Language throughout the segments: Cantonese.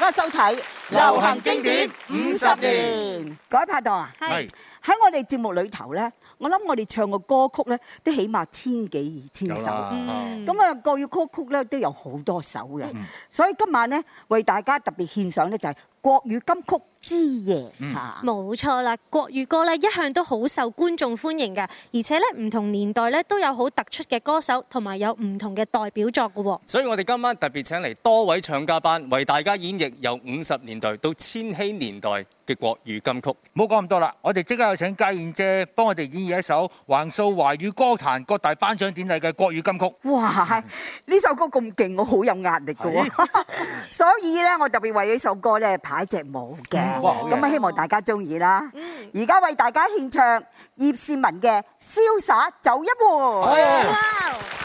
大家收睇流行經典五十年，各位拍檔啊，喺我哋節目裏頭咧，我諗我哋唱嘅歌曲咧，都起碼千幾二千首，咁啊，嗯那個個歌曲咧都有好多首嘅，所以今晚咧為大家特別獻上咧就係、是。國語金曲之夜，冇、嗯、錯啦！國語歌咧一向都好受觀眾歡迎㗎，而且咧唔同年代咧都有好突出嘅歌手，同埋有唔同嘅代表作嘅。所以，我哋今晚特別請嚟多位唱家班，為大家演繹由五十年代到千禧年代嘅國語金曲。唔好講咁多啦，我哋即刻有請家燕姐幫我哋演繹一首橫掃華語歌壇各大頒獎典禮嘅國語金曲。哇！呢首歌咁勁，我好有壓力㗎喎。啊、 所以咧，我特別為呢首歌咧。踩隻舞嘅，咁啊希望大家中意啦。而家為大家獻唱葉倩文嘅《瀟灑走一回》。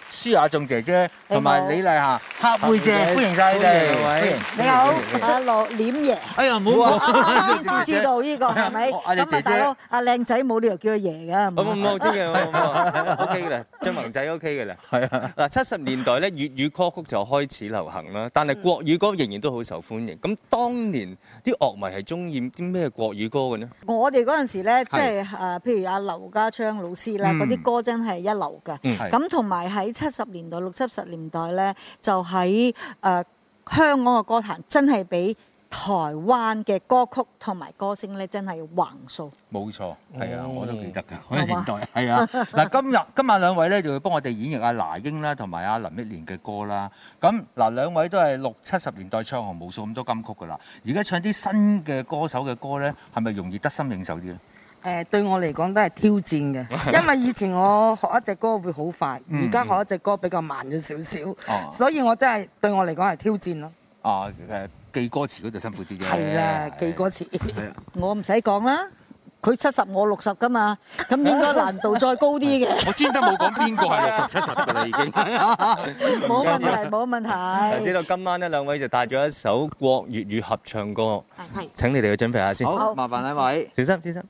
舒雅頌姐姐同埋李麗霞黑妹、黑妹姐，歡迎曬你哋。你好，一、啊、羅，臉爺。哎呀，冇啊，先、啊啊啊、知道呢、呢個係咪？阿靚仔冇理由叫佢爺㗎。冇冇冇，真嘅，冇冇冇，OK 啦，俊明仔 OK 㗎啦。係啊，嗱，七十、啊 啊、 年代咧，粵語歌曲就開始流行啦，但係國語歌仍然都好受歡迎。咁當年啲樂迷係中意啲咩國語歌嘅呢？我哋嗰陣時咧，即係誒，譬如阿劉家昌老師啦，嗰啲歌真係一流㗎。咁同埋喺。七十年代、六七十年代呢，就喺誒、呃、香港嘅歌壇，真係比台灣嘅歌曲同埋歌星呢真係橫掃。冇錯，係、mm. 啊，我都記得嘅嗰啲年代，係啊。嗱， 今日今晚兩位呢，就要幫我哋演繹阿、啊、那英啦，同埋阿林憶蓮嘅歌啦。咁嗱，兩位都係六七十年代唱紅無數咁多金曲㗎喇。而家唱啲新嘅歌手嘅歌呢，係咪容易得心應手啲咧？誒對我嚟講都係挑戰嘅，因為以前我學一隻歌會好快，而家學一隻歌比較慢咗少少，所以我真係對我嚟講係挑戰咯。啊誒，記歌詞嗰度辛苦啲啫。係啦，記歌詞，我唔使講啦，佢七十我六十㗎嘛，咁應該難度再高啲嘅。我專登冇講邊個係六十是的七十㗎啦，已經。冇問題，冇問題。問題，知道今晚呢兩位就帶咗一首國粵語合唱歌，係請你哋去準備下先。好，麻煩兩位小心小心。小心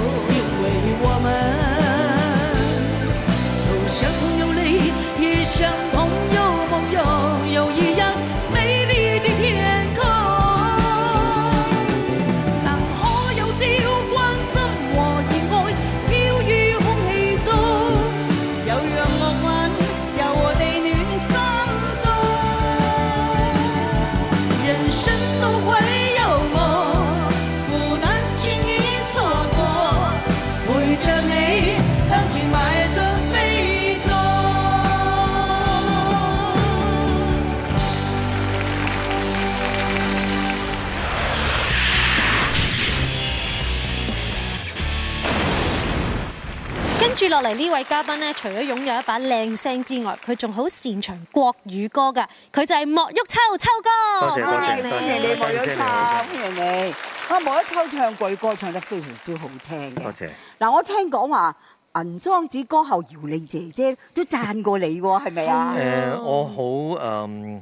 接落嚟呢位嘉賓咧，除咗擁有一把靚聲之外，佢仲好擅長國語歌㗎。佢就係莫旭秋秋哥。歡迎你，你又有唱，歡迎你。啊，莫旭秋謝謝謝謝，一唱國語歌唱得非常之好聽嘅。嗱謝謝，我聽講話銀嗓子歌后，姚莉姐姐都讚過你喎，係咪啊？誒、呃，我好誒，um,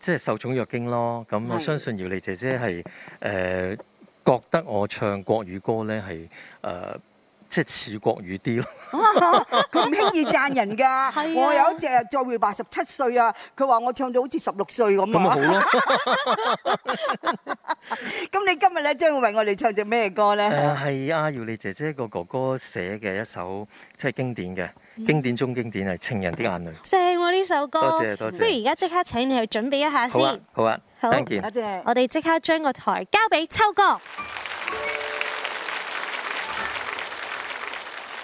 即係受寵若驚咯。咁我相信姚莉姐姐係誒、呃、覺得我唱國語歌咧係誒。Uh, 即係似國語啲咯。佢 唔輕易讚人㗎，啊。我有一隻再會八十七歲，歲樣啊，佢 話 我唱到好似十六歲咁啊。咁你今日咧將會為我哋唱隻咩歌咧？係啊，姚莉姐姐個哥哥寫嘅一首，即、就、係、是、經典嘅、嗯，經典中經典係《情人的眼淚》，正啊。正喎呢首歌。多謝多謝。不如而家即刻請你去準備一下先。好啊。好啊。多謝，謝，謝，謝。我哋即刻將個台交俾秋哥。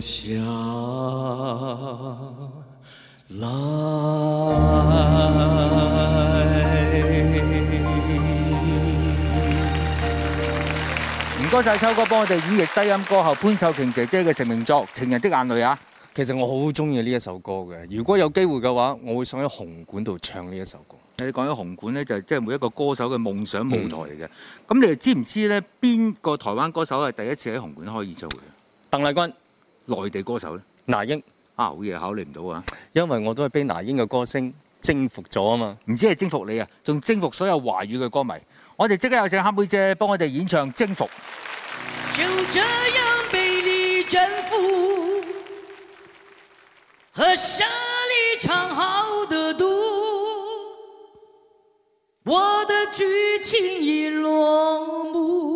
下來。唔該晒秋哥，幫我哋演繹低音歌後潘秀瓊姐姐嘅成名作《情人的眼淚》啊！其實我好中意呢一首歌嘅，如果有機會嘅話，我會想喺紅館度唱呢一首歌。你講起紅館呢，就即係每一個歌手嘅夢想舞台嚟嘅。咁你哋知唔知呢邊個台灣歌手係第一次喺紅館開演唱會？鄧麗君。內地歌手呢？那英啊，好嘢，考慮唔到啊，因為我都係畀那英嘅歌聲征服咗啊嘛，唔止係征服你啊，仲征服所有華語嘅歌迷。我哋即刻有請黑妹姐幫我哋演唱《征服》。就這樣被你你征服，喝下你藏好的毒，我的劇情已落幕，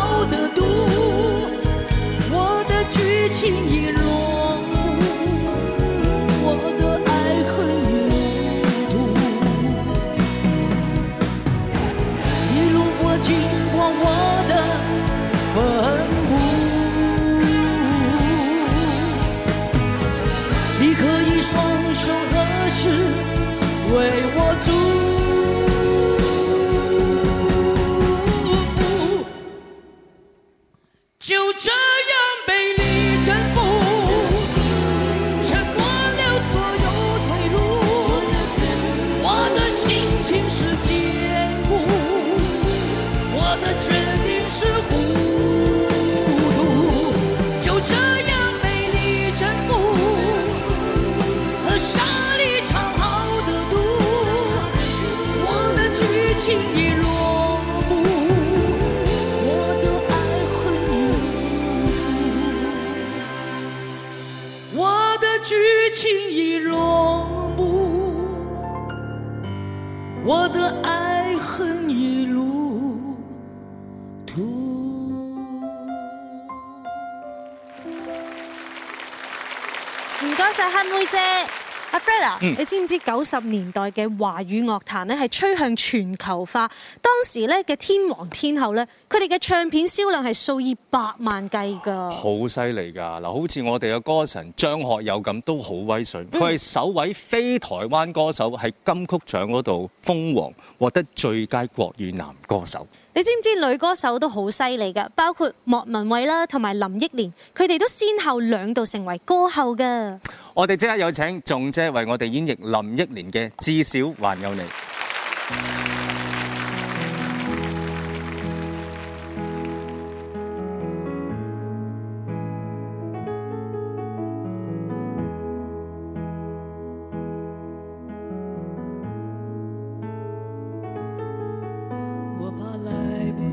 阿 Freda、嗯、你知唔知九十年代嘅華語樂壇咧，係趨向全球化？當時咧嘅天王天后咧，佢哋嘅唱片銷量係數以百萬計㗎。好犀利㗎！嗱，好似我哋嘅歌神張學友咁，都好威水。佢、嗯、係首位非台灣歌手喺金曲獎嗰度封王，獲得最佳國語男歌手。你知唔知女歌手都好犀利嘅，包括莫文蔚啦，同埋林憶蓮，佢哋都先後兩度成為歌后嘅。我哋即刻有請仲姐為我哋演繹林憶蓮嘅《至少還有你》。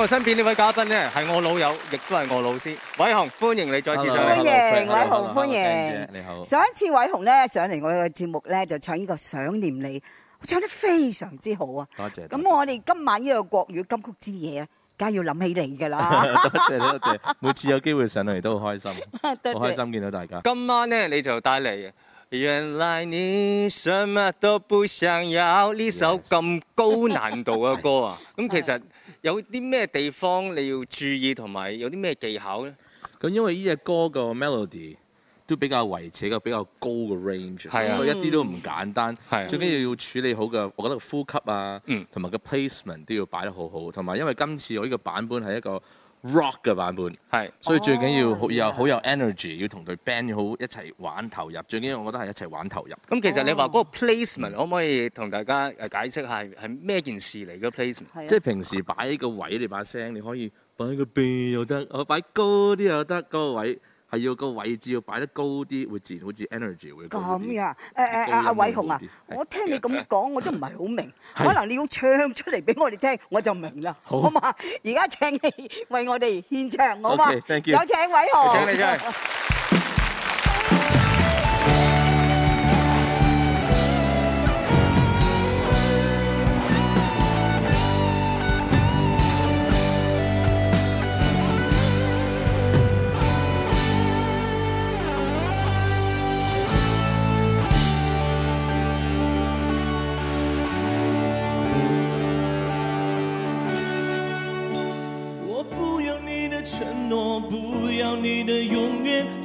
我身邊呢位嘉賓咧，係我老友，亦都係我老師，韋雄，歡迎你再次上嚟。歡迎韋雄，歡迎。你好。上一次韋雄咧上嚟我嘅節目咧就唱呢個想念你，唱得非常之好啊。多謝。咁我哋今晚呢個國語金曲之夜啊，梗係要諗起你㗎啦。多謝多謝，每次有機會上嚟都好開心，好開心見到大家。今晚咧你就帶嚟原來你什麼都不想要呢首咁高難度嘅歌啊！咁其實。有啲咩地方你要注意，同埋有啲咩技巧呢？咁因為呢隻歌個 melody 都比較維持個比較高嘅 range，係啊，所以一啲都唔簡單，係啊，最緊要要處理好嘅，我覺得呼吸啊，同埋個 placement 都要擺得好好。同埋因為今次我呢個版本係一個。Rock 嘅版本係，所以最緊要又好有 energy，oh, yeah. 要同對 band 要好一齊玩投入。最緊要是我覺得係一齊玩投入。咁其實你話嗰個 placement，oh. 可唔可以同大家誒解釋下係咩件事嚟、啊？個 placement 即係平時擺個位你把聲，你可以擺個 B 又得，我擺高啲又得，可以嗰個位。係要個位置要擺得高啲，會自然好似 energy 會咁呀？誒誒誒，阿、啊、韋、啊啊、雄啊，我聽你咁講我都唔係好明，可能你要唱出嚟俾我哋聽，我就明啦。好嘛，而家請你為我哋獻唱，好嘛？Okay, thank you. 有請韋雄。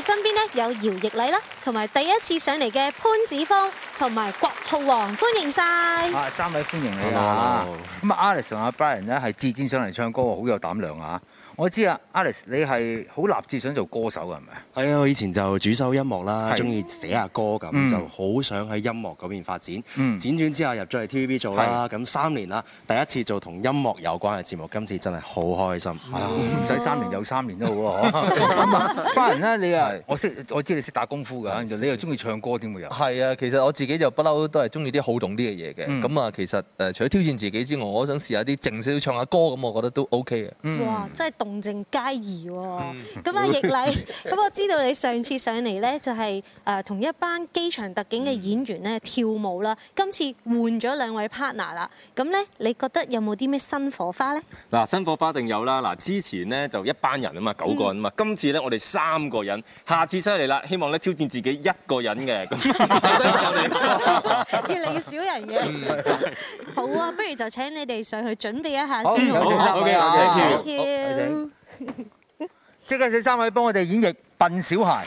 身邊咧有姚亦澧啦，同埋第一次上嚟嘅潘梓鋒，同埋郭浩皇，歡迎晒啊，三位歡迎你啊！咁啊，Alex 同阿 Brian 呢，係自薦上嚟唱歌好有膽量啊！我知啊 Alice 你係好立志想做歌手嘅係咪啊？係啊，我以前就主修音樂啦，中意寫下歌咁、嗯，就好想喺音樂嗰邊發展。嗯。輾轉之後入咗去 TVB 做啦，咁三年啦，第一次做同音樂有關嘅節目，今次真係好開心。係、嗯、啊，唔使三年有三年咯喎。翻嚟啦，你啊， 我識，我知你識打功夫㗎，你又中意唱歌點會又？係啊，其實我自己就不嬲都係中意啲好動啲嘅嘢嘅。嗯。咁啊，其實誒，除咗挑戰自己之外，我想試下啲靜少少唱下歌咁，我覺得都 OK 嘅、嗯。哇！即、就、係、是動靜皆宜喎，咁、嗯、啊，亦澧，咁我知道你上次上嚟咧就係誒同一班機場特警嘅演員咧跳舞啦、嗯，今次換咗兩位 partner 啦，咁咧你覺得有冇啲咩新火花咧？嗱，新火花一定有啦，嗱，之前呢就一班人啊嘛，九個人啊嘛、嗯，今次咧我哋三個人，下次上嚟啦，希望咧挑戰自己一個人嘅， 越嚟越少人嘅，好啊，不如就請你哋上去準備一下先，好，OK，thank you 即刻請三位幫我哋演繹笨小孩。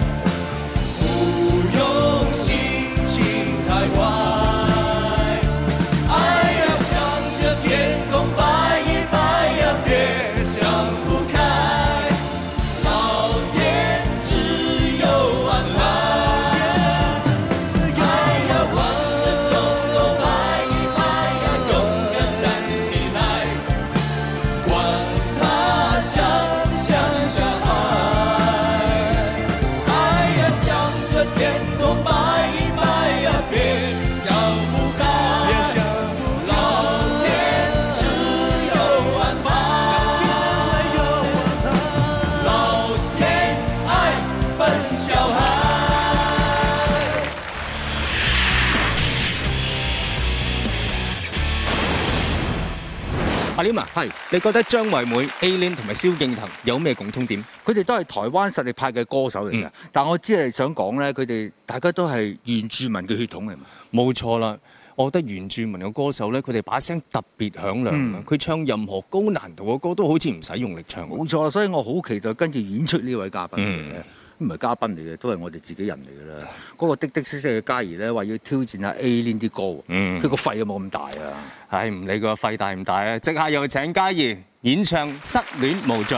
你覺得張惠妹、A Lin 同埋蕭敬騰有咩共通點？佢哋都係台灣實力派嘅歌手嚟嘅、嗯。但我只係想講呢，佢哋大家都係原住民嘅血統係嘛？冇錯啦，我覺得原住民嘅歌手呢，佢哋把聲特別響亮。佢、嗯、唱任何高難度嘅歌，都好似唔使用力唱。冇錯，所以我好期待跟住演出呢位嘉賓。嗯唔係嘉賓嚟嘅，都係我哋自己人嚟㗎啦。嗰 個滴滴色色的的識識嘅家燕咧，話要挑戰下 A Lin 啲歌，佢個肺有冇咁大啊？唉，唔理佢個肺大唔大啊，即刻有請家燕演唱《失戀無罪》。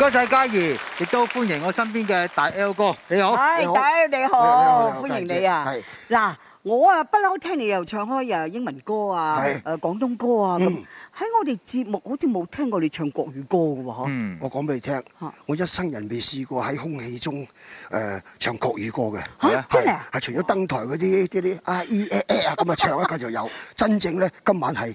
多謝嘉怡，亦都歡迎我身邊嘅大 L 哥，你好，大 L，你好，你好，歡迎你啊！嗱，我啊不嬲聽你又唱開啊英文歌啊，誒廣東歌啊咁，喺我哋節目好似冇聽過你唱國語歌嘅喎，嚇！我講俾你聽，我一生人未試過喺空氣中誒唱國語歌嘅嚇，真係係除咗登台嗰啲啲啲啊 E A A 啊咁啊唱一陣就有，真正咧今晚係。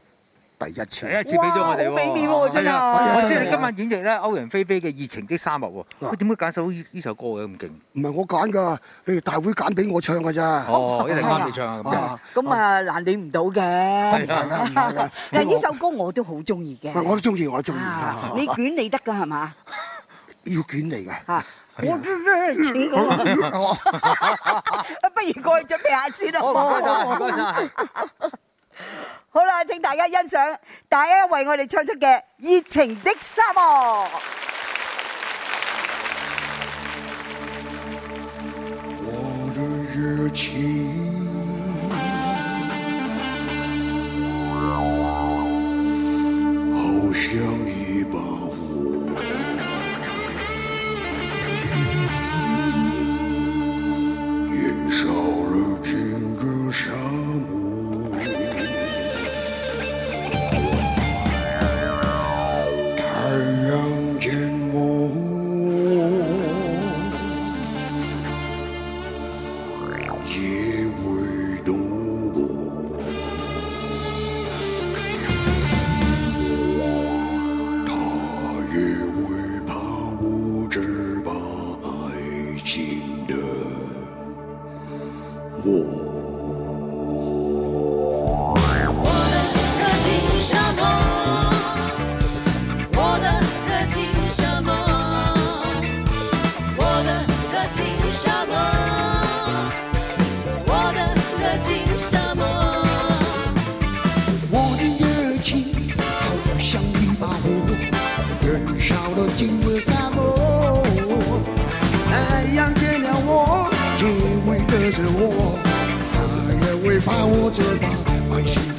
第一次俾咗我哋，哇！俾面喎真啊！即係你今晚演繹咧歐陽菲菲嘅《熱情的沙漠》喎，佢點解揀首呢呢首歌嘅咁勁？唔係我揀㗎，你哋大會揀俾我唱㗎啫。哦，一定翻嚟唱啊！咁啊，咁啊難免唔到嘅。唔係唔係，嗱，呢首歌我都好中意嘅。唔係我都中意，我中意。你捲你得㗎係嘛？要捲你㗎。我呢呢請我。不如過去準備下先啦。唔該曬，唔該曬。好啦，請大家欣賞大 L 為我哋唱出嘅《熱情的心》哦。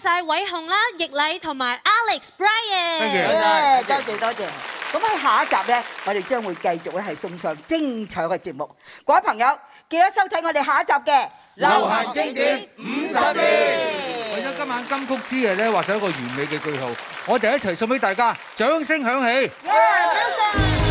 曬韋雄啦，亦澧同埋 Alex Brian，多謝多謝，咁喺下一集咧，我哋將會繼續咧係送上精彩嘅節目，各位朋友記得收睇我哋下一集嘅流行經典五十年。為咗今晚金曲之夜咧，劃上一個完美嘅句號，我哋一齊送俾大家，掌聲響起。